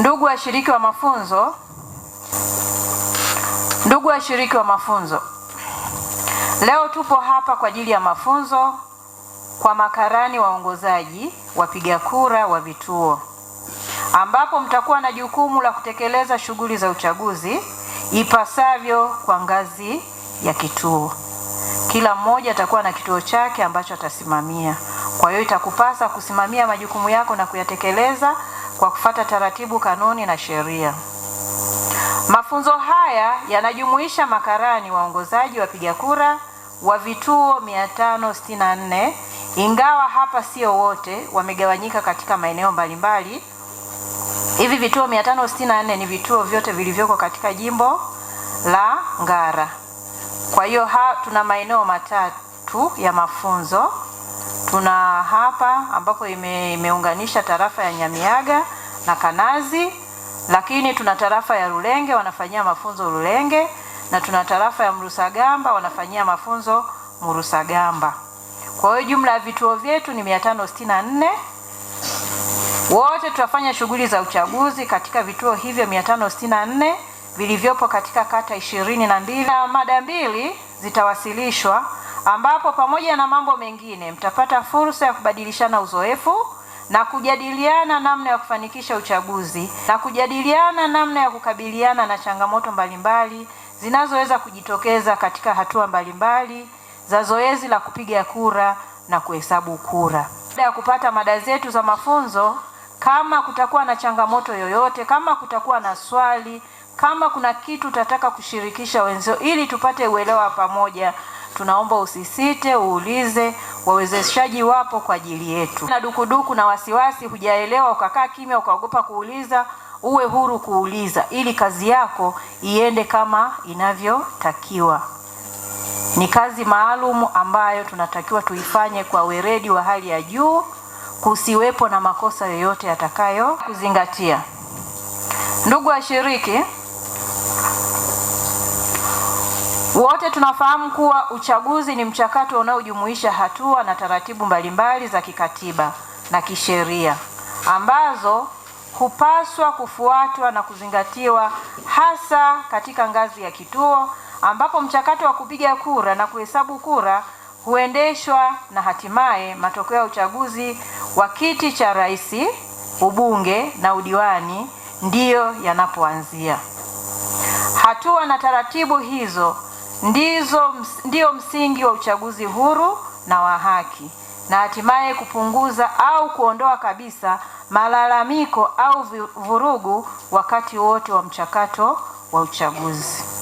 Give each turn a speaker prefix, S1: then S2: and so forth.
S1: Ndugu washiriki wa mafunzo, ndugu washiriki wa mafunzo, leo tupo hapa kwa ajili ya mafunzo kwa makarani waongozaji wapiga kura wa vituo, ambapo mtakuwa na jukumu la kutekeleza shughuli za uchaguzi ipasavyo kwa ngazi ya kituo. Kila mmoja atakuwa na kituo chake ambacho atasimamia, kwa hiyo itakupasa kusimamia majukumu yako na kuyatekeleza kwa kufata taratibu, kanuni na sheria. Mafunzo haya yanajumuisha makarani waongozaji wapiga kura wa vituo 564 ingawa hapa sio wote, wamegawanyika katika maeneo mbalimbali. Hivi vituo 564 ni vituo vyote vilivyoko katika jimbo la Ngara. Kwa hiyo tuna maeneo matatu ya mafunzo Tuna hapa ambapo ime, imeunganisha tarafa ya Nyamiaga na Kanazi, lakini tuna tarafa ya Rulenge wanafanyia mafunzo Rulenge, na tuna tarafa ya Mrusagamba wanafanyia mafunzo Mrusagamba. Kwa hiyo jumla ya vituo vyetu ni 564. Wote tutafanya shughuli za uchaguzi katika vituo hivyo 564 vilivyopo katika kata ishirini na mbili na mada mbili zitawasilishwa ambapo pamoja na mambo mengine mtapata fursa ya kubadilishana uzoefu na kujadiliana namna ya kufanikisha uchaguzi na kujadiliana namna ya kukabiliana na changamoto mbalimbali zinazoweza kujitokeza katika hatua mbalimbali za zoezi la kupiga kura na kuhesabu kura. Baada ya kupata mada zetu za mafunzo, kama kutakuwa na changamoto yoyote, kama kutakuwa na swali, kama kuna kitu utataka kushirikisha wenzio ili tupate uelewa pamoja tunaomba usisite, uulize, wawezeshaji wapo kwa ajili yetu. Na dukuduku na wasiwasi, hujaelewa ukakaa kimya ukaogopa kuuliza, uwe huru kuuliza ili kazi yako iende kama inavyotakiwa. Ni kazi maalum ambayo tunatakiwa tuifanye kwa weredi wa hali ya juu, kusiwepo na makosa yoyote yatakayo kuzingatia. Ndugu washiriki Wote tunafahamu kuwa uchaguzi ni mchakato unaojumuisha hatua na taratibu mbalimbali za kikatiba na kisheria ambazo hupaswa kufuatwa na kuzingatiwa hasa katika ngazi ya kituo ambapo mchakato wa kupiga kura na kuhesabu kura huendeshwa na hatimaye matokeo ya uchaguzi wa kiti cha rais, ubunge na udiwani ndiyo yanapoanzia. Hatua na taratibu hizo ndizo ndio msingi wa uchaguzi huru na wa haki na hatimaye kupunguza au kuondoa kabisa malalamiko au vurugu wakati wote wa mchakato wa uchaguzi.